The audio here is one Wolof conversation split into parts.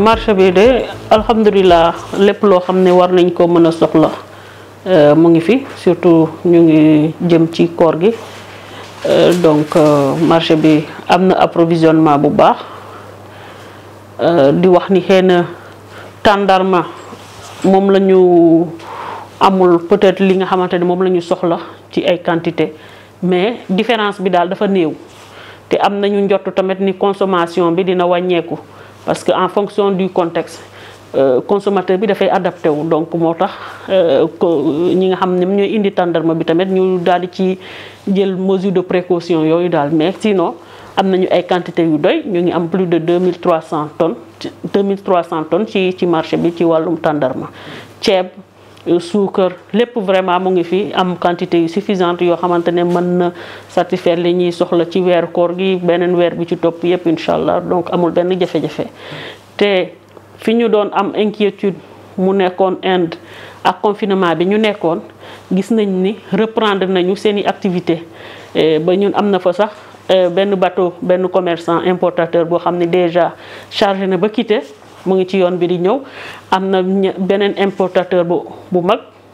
marché bi de alhamdulilah lépp loo xam ne war nañ ko mën a soxla euh, mu ngi fi surtout ñu ngi jëm ci koor gi euh, donc euh, marché bi am na approvisionnement bu baax di wax ni xëy na tàndarma moom la ñu amul peut-être li nga xamante ni moom la ñu soxla ci ay quantité mais différence bi daal dafa néew te am nañu njottu tamit ni consommation bi dina wàññeeku parce que en fonction du contexte euh, consommateur bi dafay adapté wu donc moo tax euh, euh, ñi nga xam ne ñooy indi tàndarma bi tamit ñu daal di ci jël mesure de précaution yooyu daal mais sinon am nañu ay quantité yu doy ñu ngi am plus de 2300 tonnes 2300 tonnes ci ci marché bi ci wàllum tàndarma ceeb Euh, sucre lepp vraiment mo ngi fi am quantité suffisante yo xamantene man na satisfaire li ñuy soxla ci weeru koor gi benen weer bi ci top yépp inshallah donc amul benn jafé jafé té fi ñu doon am inquiétude mu nekkoon Inde ak confinement bi ñu nekkoon gis nañ ni reprendre nañu seeni activité euh, ba ñun am na fa sax euh, benn bateau benn commerçant importateur bo xamni déjà chargé na ba quitter mu ngi ci yoon bi di ñëw am na beneen importateur bu bu mag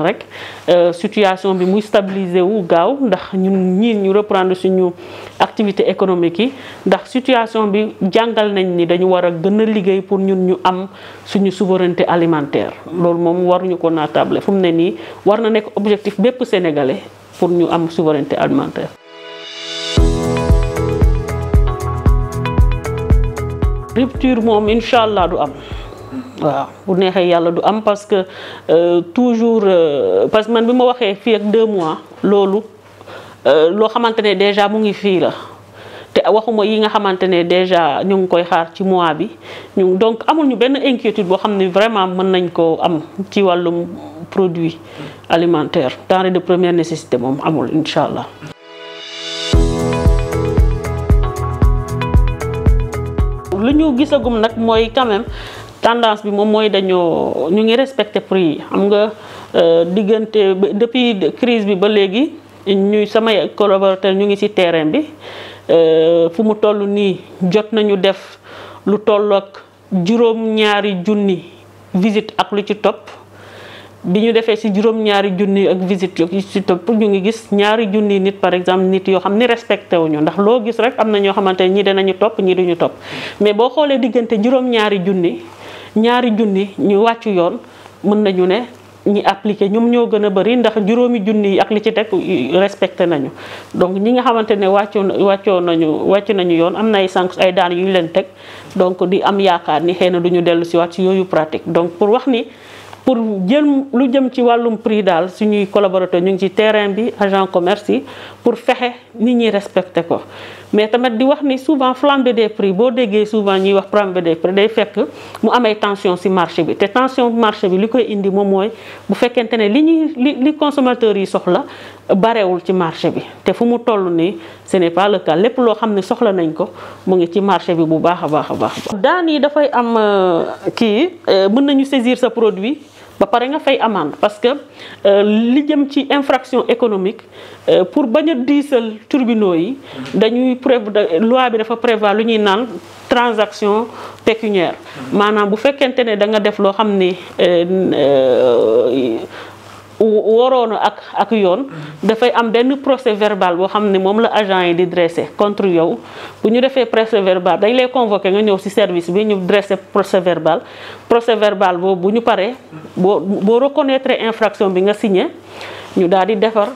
ñaan rek euh, situation bi muy stabiliser wu gaaw ndax ñun ñii ñu reprendre suñu activité économique yi ndax situation bi jàngal nañ ni dañu war a gën a liggéey pour ñun ñu am suñu souveraineté alimentaire loolu moom waruñu ko naatable fu mu ne nii war na nekk objectif bépp sénégalais pour ñu am souveraineté alimentaire rupture moom incha allah du am waaw bu neexee yàlla du am parce que euh, toujours euh, parce que man bi ma waxee fii ak deux mois loolu euh, loo xamante ne déjà mu ngi fii la te waxuma yi nga xamante ne déjà ñu ngi koy xaar ci mois bi donc amul ñu benn inquiétude boo xam ne vraiment mën nañ koo am ci wàllum produit alimentaire denrée de première nécessité moom amul incha allah. tendance bi moom mooy dañoo ñu ngi respecté prix yi xam nga euh, diggante depuis crise bi ba léegi ñuy samay collaborateur ñu ngi ci terrain bi euh, fu mu toll nii jot nañu def lu toll juróom-ñaari junni visite ak lu ci topp bi ñu defee ci juróom-ñaari junni ak visite yu ci topp ñu ngi gis ñaari junni nit par exemple nit yoo xam ni respecté wuñu ndax loo gis rek am na ñoo xamante ñi nañu topp ñi duñu topp mais boo xoolee diggante juróom-ñaari junni ñaari junni ñu wàccu yoon mën nañu ne ñi appliqué ñoom ñoo gën a bëri ndax juróomi junni yi ak li ci teg respecté nañu donc ñi nga xamante ne wàccu wàccoo nañu wàcc nañu yoon am na ay sànq ay daan yu leen teg donc di am yaakaar ni xëy na du dellu si waat si yooyu pratique donc pour wax ni pour jël lu jëm ci wàllum prix daal suñuy collaborateur ñu ngi ci terrain bi agent commerce yi pour fexe nit ñi respecté ko mais tamit di wax ni souvent flambée des prix boo déggee souvent ñuy wax flambée des prix day fekk mu am ay tension ci marché bi te tension marché bi li koy indi moom mooy bu fekkente ne li ñuy li li consommateurs yi soxla barewul ci marché bi te fu mu toll ni ce n'est pas le cas lépp loo xam ne soxla nañ ko mu ngi ci marché bi bu baax a baax a baax. daan yi dafay am euh, kii euh, mën nañu saisir sa produit. ba pare fay amende parce que euh, li jëm ci infraction économique euh, pour baña diesel turbino yi dañuy loi bi dafa prévoir lu ñuy naan transaction pécuniaire manam mmh. bu fekkentene da nga def lo xam euh, waroon ak ak yoon dafay am benn procès verbal boo xam ne moom la agent yi di dressé contre yow bu ñu defee procès verbal dañ lay convoqué nga ñëw ci service bi ñu dressé procès verbal procès verbal boobu bu ñu paree boo boo reconnaître infraction bi nga signé ñu daal di defar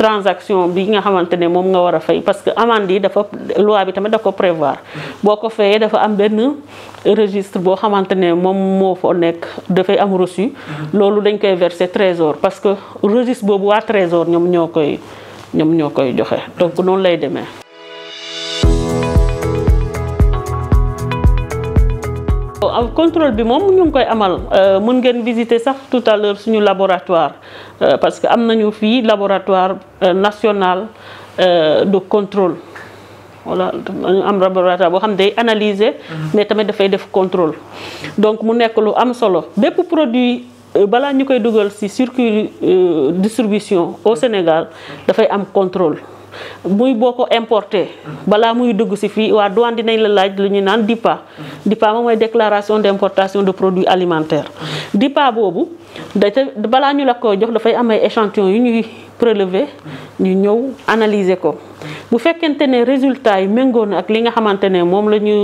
transaction bi nga xamante ne moom nga war a fay parce que amende yi dafa loi bi tamit da ko prévoir boo ko fayee dafa am benn registre boo xamante ne moom moo fa nekk dafay am resu loolu dañ koy verser trésor parce que registre boobu waa trésor ñoom ñoo koy ñoom ñoo koy joxe donc noonu lay demee contrôle bi moom ñu ngi koy amal euh, mën ngeen visiter sax tout à suñu laboratoire euh, parce que am nañu fii laboratoire euh, national de contrôle voilà dañu am laboratoire boo xam ne day analyser mhm. mais tamit dafay def contrôle donc mu nekk lu am solo bépp produit balaa ñu koy dugal ci circuit distribution au Sénégal dafay am contrôle muy boo ko importé balaa muy dugg si fii waa douane dinañ la laaj lu ñuy naan DIPA DIPA moom mooy déclaration d' importation de produits alimentaires DIPA boobu daca balaa ñu la ko jox dafay am ay échantillon yu ñuy prélever ñu ñëw analyser ko bu fekkente ne résultat yi méngoo na ak li nga xamante ne moom la ñu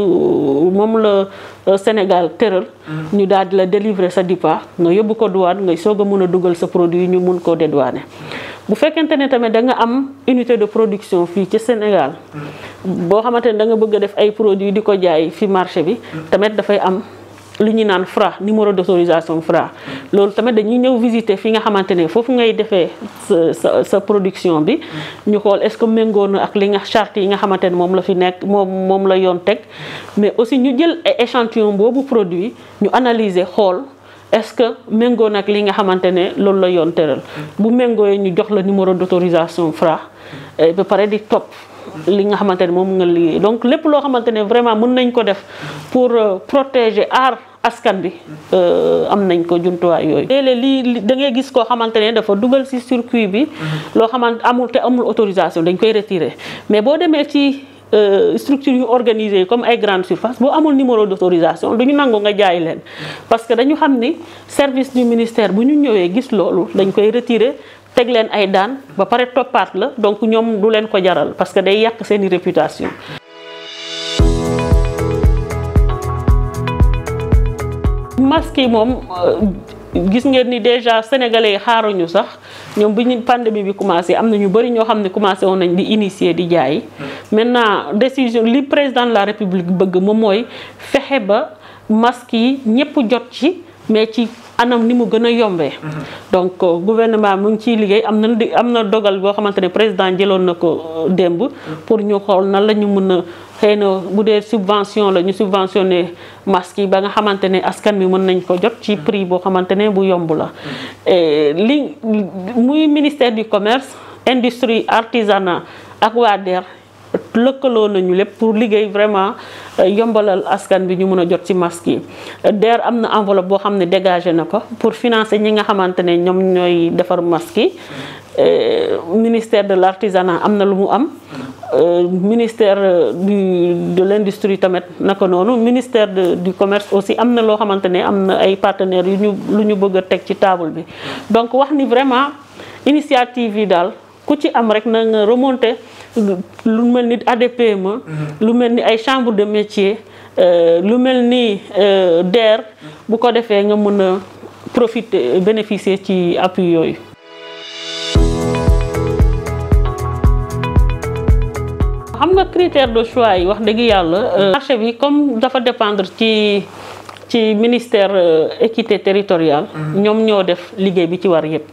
moom la euh, Sénégal tëral ñu daal di la délivrer sa DIPA nga yóbbu ko duwaan ngay soog a mun a dugal sa produit ñu mun koo dédouaner bu fekkente ne tamit da nga am unité de production fi, ci Sénégal boo xamante ne da nga bëgg a def ay produits jaay fi marché bi tamit dafay am lu ñu Fra numéro d'autorisation Fra loolu tamit dañuy ñëw visiter fi nga xamantene fofu ngay défé sa production bi ñu xol est-ce que méngoo na ak li nga charte yi nga xamantene mom la fi nek mom mom la yon tek mais aussi ñu jël échantillon bobu produit ñu analyser xol est-ce que méngoo nag li nga xamante ne loolu la yoon tëral bu méngooyee ñu jox la numéro d'autorisation Fra eh, ba pare di topp li nga xamante ne moom nga liggéey donc lépp loo xamante ne vraiment mën nañ ko def pour euh, protéger aar askan bi euh, am nañ ko jumtuwaay yooyu léeg-léeg lii da ngay gis koo xamante ne dafa dugal ci circuit bi loo xamante amul te autorisation dañ koy retirer mais boo demee ci Euh, structure yu organisé comme ay grande surface bo amul numéro d'autorisation duñu nangou nga jaay len parce que dañu xamni service du ministère buñu ñëwé gis lolu dañ koy retirer teg len ay daan ba paré topat la donc ñom du len ko jaral parce que day yak seen réputation masque mom euh, gis ngeen ni déjà sénégalais xaruñu sax ñoom bi ñu pandémie bi commencé am na ñu bëri ñoo xam ne commencé woon nañ di initier di jaay. maintenant décision li président la république bëgg moom mooy fexe ba masque yi ñëpp jot ci mais ci. anam ni mu gën a yombee. donc euh, gouvernement mu ngi ciy liggéey am na am na dogal boo xamante ne président jëloon na ko euh, démb. pour ñu xool nan la ñu mën a xëy na bu dee subvention la ñu subventionné masques yi ba nga xamante ne askan bi mën nañ ko jot. ci prix boo xamante ne bu yomb la. li muy ministère du commerce industrie artisanat ak waa DER. lëkkaloo nañu lépp pour liggéey vraiment euh, yombalal askan bi ñu mën a jot ci masque yi DER am na enveloppe boo xam ne dégagé na ko pour financer ñi nga xamante ne ñoom ñooy defar masque yi euh, ministère de l'artisanat am na lu mu am euh, ministère du de l'industrie tamit naka noonu ministère de du commerce aussi am na loo xamante ne am na ay partenaires yu ñu lu ñu bëgg a teg ci table bi donc wax ni vraiment initiative yi daal ku ci am rek na remonter lu mel ni ADPME mhm. lu mel ni ay chambre de métier euh, lu mel ni euh, DER bu ko defee nga mën a profiter bénéficier ci appi yooyu xam nga critère de choix yi wax dëgg yàlla euh, marché bi comme dafa dépendre ci ci ministère euh, équité territoriale. Mm-hmm. ñoom ñoo def liggéey bi ci war yépp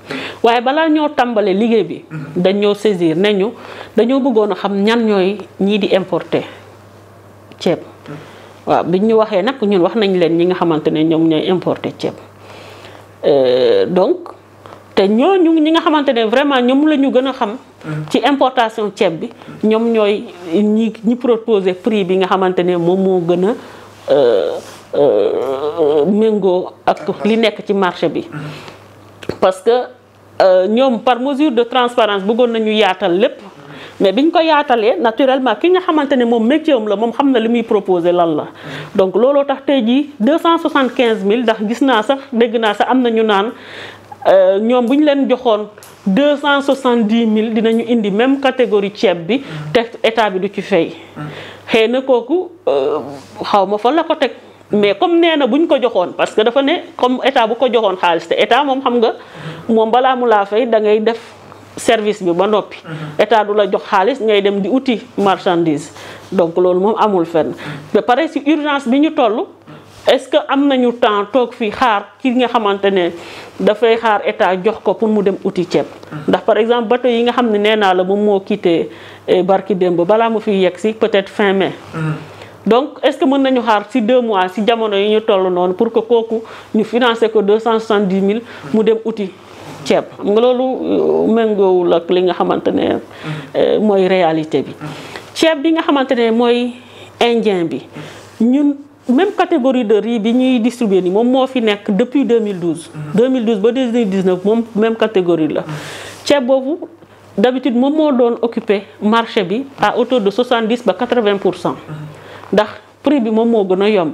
waaye balaa ñoo tàmbalee liggéey bi. Mm-hmm. dañ ñoo saisir ne ñu dañoo bëggoon a xam ñan ñooy ñii di importer ceeb. Mm-hmm. waaw biñ ñu waxee nag ñun wax nañ leen ñi nga xamante ne ñoom ñooy importer ceeb euh, donc te ñu ñi nga xamante ne vraiment ñoom la ñu gën a xam. ci importation ceeb bi ñoom ñooy ñi ñi proposer prix bi nga xamante ne moom moo gën a. Euh, Euh, méngoo ak li nekk ci marché bi parce que euh, ñoom par mesure de transparence bëggoon nañu yaatal lépp mais bi ñu ko yaatalee naturellement ki nga xamante ne moom métier am la moom xam na li muy proposé lan la donc looloo tax tey jii deux cent soixante quinze mille ndax gis naa sax dégg naa sax am na ñu naan euh, ñoom bu ñu leen joxoon deux cent soixante dix mille dinañu indi même catégorie ceeb bi te état bi du ci fay mm. xëy na kooku xaw ma fa la ko teg mais comme nee na bu ñu ko joxoon parce que dafa ne comme état bu ko joxoon xaalis te état moom xam nga moom balaa mu laa fay da ngay def service bi ba noppi mhm. état du la jox xaalis ngay dem di uti marchandise donc loolu moom amul fenn te pare si urgence bi ñu toll est-ce que am nañu temps toog fii xaar ki nga xamante ne dafay xaar état jox ko pour mu dem uti ceeb mhm. ndax par exemple ba bateau yi nga xam ne nee naa la moom moo quitté eh, barki démb balaa mu fi yegg si peut fin mai mhm. donc est-ce que nous nañu xaar ci deux mois ci jamono yi ñu tollu non pour que koku ñu financer ko deux 000, mu dem outil ceeb xam nga loolu euh, méngoowul ak li nga xamantene ne euh, mooy réalité bi ceeb bi nga xamantene moy indien bi ñun même catégorie de riz bi ñuy distribuer ni mom mo fi nek depuis 2012 2012 ba 2019 mom même catégorie la ceeb boobu d'habitude mom mo doon occuper marché bi à hauteur de 70 ba 80 ndax prix bi moom moo gën a yomb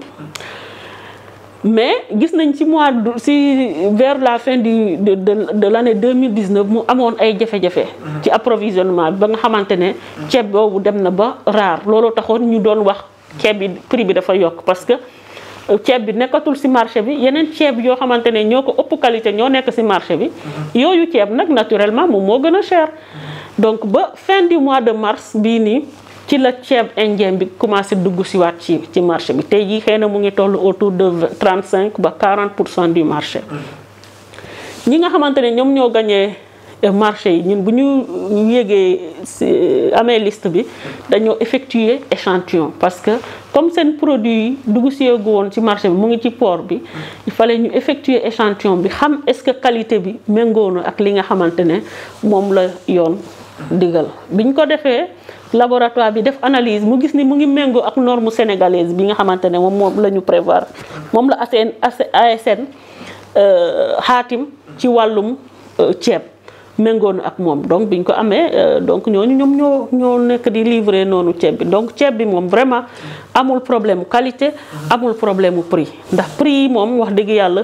mais gis nañ ci mois si vers la fin du de de l' année deux mille dix neuf mu amoon ay jafe-jafe. ci approvisionnement bi ba nga xamante ne. ceeb boobu dem na ba rare looloo taxoon ñu doon wax ceeb bi prix bi dafa yokk parce que. Euh, ceeb bi nekkatul ci marché bi yeneen ceeb yoo xamante ne ñoo ko ëpp qualité ñoo nekk ci marché bi. yooyu ceeb nag naturellement moom moo gën a cher. donc ba fin du mois de mars bii nii. ci la ceeb indien bi commencé dugg si waat ci ci marché bi tey jii xëy na mu ngi toll autour de 35 ba 40 pour cent du marché. ñi nga xamante ne ñoom ñoo gagné euh, marché yi ñun bu ñu yégee si amee liste bi dañoo effectuer échantillon parce que comme seen produit dugg si yoogu woon ci marché bi mu ngi ci port bi il fallait ñu effectuer échantillon bi xam est-ce que qualité bi méngoo na ak li nga xamante ne moom la yoon digal biñ ko defee. laboratoire bi def analyse mu gis ni mu ngi méngoo ak norme sénégalaise bi nga xamante ne moom moom la ñu prévoir moom la ASN ASN euh, xaatim ci wàllum euh, ceeb méngoo ak moom donc biñ ko amee euh, donc ñooñu ñoom ñoo nekk di livrer noonu ceeb bi donc ceeb bi moom vraiment amul problème qualité amul problème prix ndax prix yi moom wax dëgg yàlla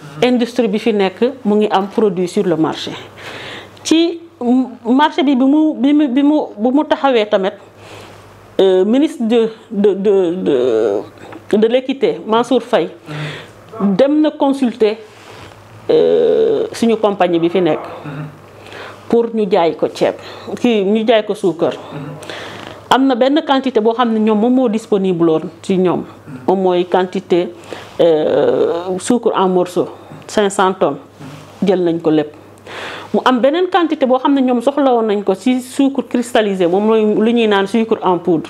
industrie bi fi nekk mu ngi am produit sur le marché ci marché bi bi mu bi mu bi mu bu mu taxawee tamit euh, ministre de de de de l'équité Mansour Faye dem na consulter euh, suñu compagnie bi fi nekk pour ñu jaay ko ceeb kii ñu jaay ko suukar am na benn quantité boo xam ne ñoom moom moo disponible woon ci ñoom moom mooy quantité euh, sucre en morceau cent tonnes jël nañ ko lépp. mu am beneen quantité boo xam ne ñoom soxlawoon nañ ko ci sucre cristallisé moom mooy lu ñuy naan sucre en poudre.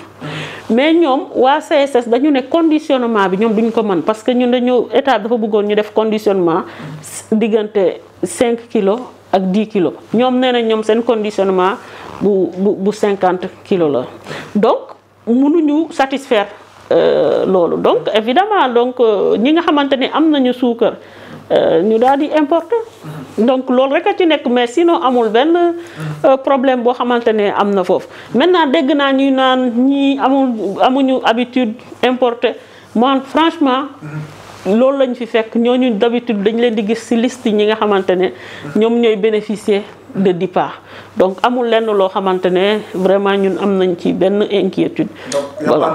mais ñoom waa CSS dañu ne conditionnement bi ñoom duñ ko mën parce que ñun dañu état dafa bëggoon ñu def conditionnement diggante cinq kilo ak 10 kilo ñoom nee nañ ñoom seen conditionnement bu bu bu 50 kilos la donc mënuñu satisfaire euh, loolu donc évidemment donc euh, ñi nga xamante ni am nañu suukar. Euh, ñu daal di importer. donc loolu rek a ci nekk mais sinon amul benn euh, problème boo xamante ne am maintenant dégg naa ñuy naan ñii amul amuñu habitude importer man franchement. loolu lañ fi fekk ñooñu d'habitude dañ leen di gis ci liste ñi nga xamante ne ñoom bénéficier de départ donc amul lenn loo xamante vraiment ñun am nañ ci benn inquiétude. voilà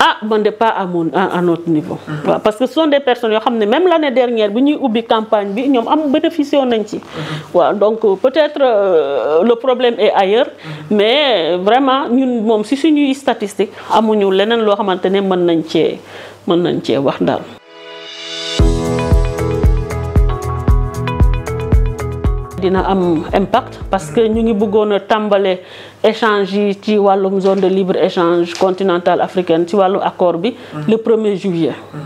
ah man de pas à mon à notre niveau. Mhm. parce que ce sont des personnes même l'année dernière bi ñuy une campagne bi avons am bénéficié nañ ci. Mhm. waaw donc euh, peut-être euh, le problème est ailleurs. Mhm. mais euh, vraiment ñun moom si nous statistique amuñu leneen loo xamante ne mën nañ cee mën nañ cee wax daal. dina am impact parce que ñu ngi bëggoon tambalé tàmbale échange ci walum zone de libre échange continentale africaine ci walu accord bi mhm. le premier juillet mhm.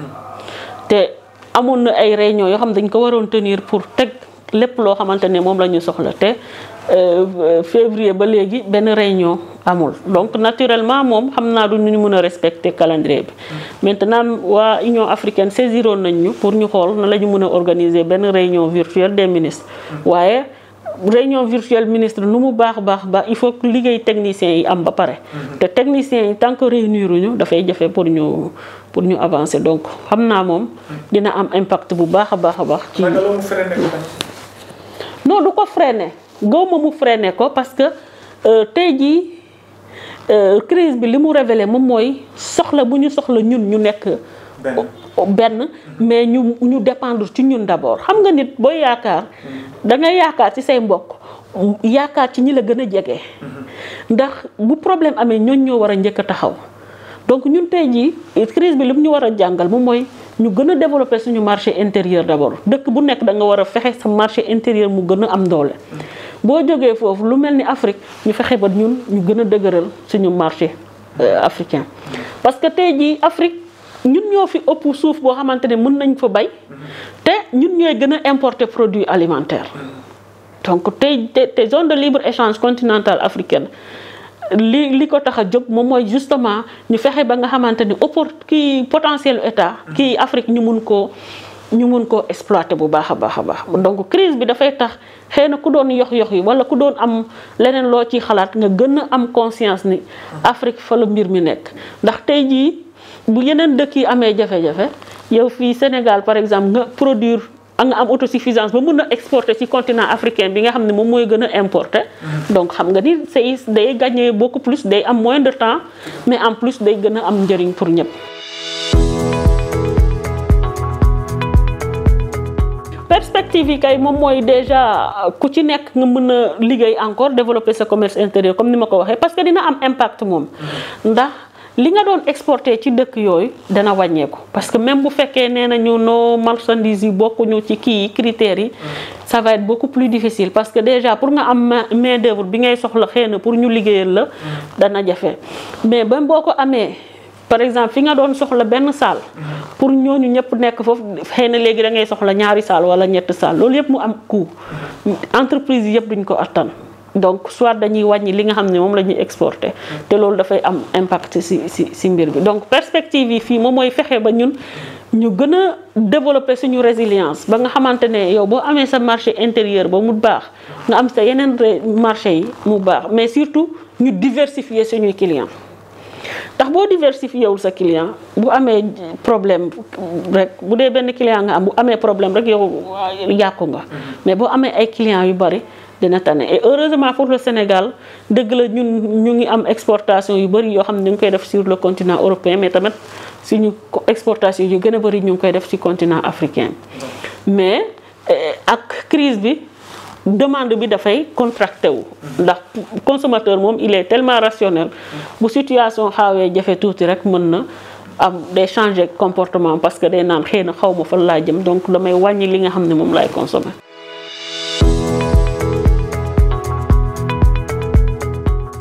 té amoon na ay réunion yo xam dañ ko waron tenir pour tous les plans xamantene nous moom soxla euh, euh, février il ba légui une réunion amul donc naturellement nous xamna du ñu mëna respecter calendrier mm. maintenant l'Union Union africaine s'est nañ pour ñu xol na organiser une réunion virtuelle des ministres. Mm. waaye réunion virtuelle ministre ministres, baax baax ba il faut que les techniciens yi am ba mm-hmm. te techniciens yi tant que réuniruñu fay jafé pour ñu pour ñu avancer donc xamna mom mm. dina am impact bu baaxa baaxa baax ci non du ko freiner gaw mu freiné ko parce que euh tey euh crise bi li mu révélé moom mooy soxla buñu soxla ñun ñu nek benn mais ñu ñu dépendre ci ñun d'abord xam nga nit booy yaakar mm-hmm. da nga yaakar ci say mbokk yaakar ci ñi la gëna a mm-hmm. ndax bu problème amé ñoo ñoo wara a taxaw donc ñun tey jii crise bi limu mu ñu war a jàngal moom mooy ñu gën développer suñu marché intérieur d'abord dëkk bu nekk da nga war a sa marché intérieur mu gën a am doole mm-hmm. boo jógee foofu lu mel ni Afrique ñu fexe ba ñun ñu gën a dëgëral suñu marché euh, africain parce que tey jii Afrique ñun ñoo fi ëpp suuf boo xamante ne mën nañ fa bay te ñun ñooy gën a importer produits alimentaire donc tey te zone de libre échange continentale africaine li li ko tax a jóg moom mooy justement ñu fexe ba nga xamante ni oppor kii potentiel état kii Afrique ñu mun ko ñu mën ko exploiter bu baaxa baaxa baax donc crise bi fay tax xeyna ku doon yox yox yi wala ku doon am leneen lo ci xalaat nga gën am conscience ni Afrique fa la mbir mi nekk ndax tay ji bu yeneen dëkk yi amee jafe-jafe yow fi Sénégal par exemple nga produire nga am autosuffisance ba mën a exporter ci continent africain bi nga xam ne moom mooy gën a importer mm-hmm. donc xam nga ni say day gagné beaucoup plus day am moins de temps mais en plus day gën am njëriñ pour ñëpp perspective yi kay moom mooy déjà euh, ku ci nekk nga mën a liggéey encore développer sa commerce intérieur comme ni ma ko waxee parce que dina am impact moom mm-hmm. ndax li nga doon exporter ci dëkk yooyu dana wàññeeku parce que même bu fekkee nee nañu noo marchandises yi bokkuñu ci kii yi critères yi mm-hmm. ça va être beaucoup plus difficile parce que déjà pour nga am main d'œuvre bi ngay soxla xëy na pour ñu liggéeyal la mm-hmm. dana jafe mais ba boo ko amee par exemple fi nga doon soxla ben salle pour ñooñu ñëpp nekk fofu xëy na da ngay soxla ñaari salle wala ñett salle loolu yëpp mu am coût entreprise yëpp duñ ko attan donc soit dañuy wàññi li nga xam ne moom la ñuy exporté te loolu dafay am impact si si si mbir bi donc perspective yi fii moom mooy fexe ba ñun ñu gën a développer suñu résilience ba nga xamante ne yow boo amee sa marché intérieur ba mu baax nga am sa yeneen marché yi mu baax mais surtout ñu diversifier suñuy clients ndax boo diversifié wul sa client bu amee problème rek bu dee benn client nga am bu amee problème rek yow yàqu nga mais boo amee ay clients yu bari dina tane et heureusement pour le Sénégal dëgg la ñun ñu ngi am exportation yu bari yoo xam ne ñu ngi koy def sur le continent européen mais tamit ñu exportation yu gën a bari ñu ngi koy def ci continent africain mais eh, ak crise bi demande bi dafay contracté wu. ndax consommateur moom il est tellement rationnel. bu situation xaawee jafe tuuti rek mën na am day changer comportement parce que day naan xëy na xaw ma fan laa jëm donc damay wàññi li nga xam ne moom laay consommer.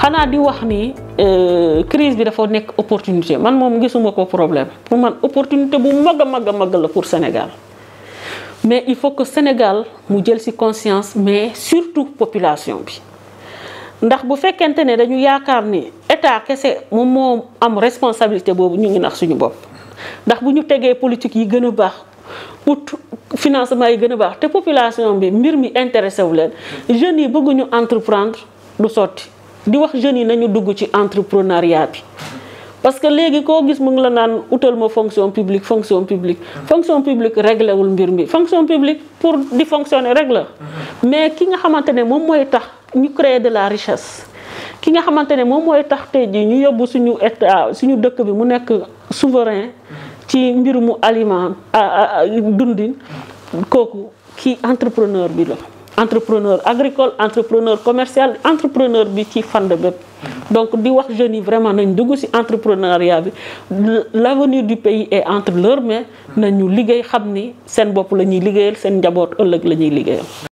xanaa di wax ni euh, crise bi dafa nekk opportunité man moom gisuma ko problème pour man opportunité bu mag a mag a mag la pour Sénégal. mais il faut que Sénégal mu jël ci conscience mais surtout population bi ndax bu fekkente ne dañu yaakaar ni état kese moom mo am responsabilité bobu ñu ngi nax suñu bop ndax bu ñu tegee politique yi gëna bax baax financement yi gëna bax té population bi mbir mi intéressé wu leen jeunes yi ñu entreprendre du sotti di wax jeunes yi nañu dugg ci entrepreneuriat bi parce que léegi koo gis mu ngi la naan utal ma fonction publique fonction publique fonction publique réglé wul mbir mi fonction publique pour di fonctionner rek la mais ki nga xamante ne moom mooy tax ñu créer de la richesse ki nga xamante ne moom mooy tax tey jii ñu yóbbu suñu état suñu dëkk bi mu nekk souverain ci mbiru mu aliment dundin kooku ki entrepreneur bi la entrepreneur agricole entrepreneur commercial entrepreneur qui fan de bépp donc je dis jeunes vraiment nañ nous entrepreneuriat bi l'avenir du pays est entre leurs mains nañu liggéey xam ni pour bopp la ñuy liggéeyal seen njaboot ëllëg la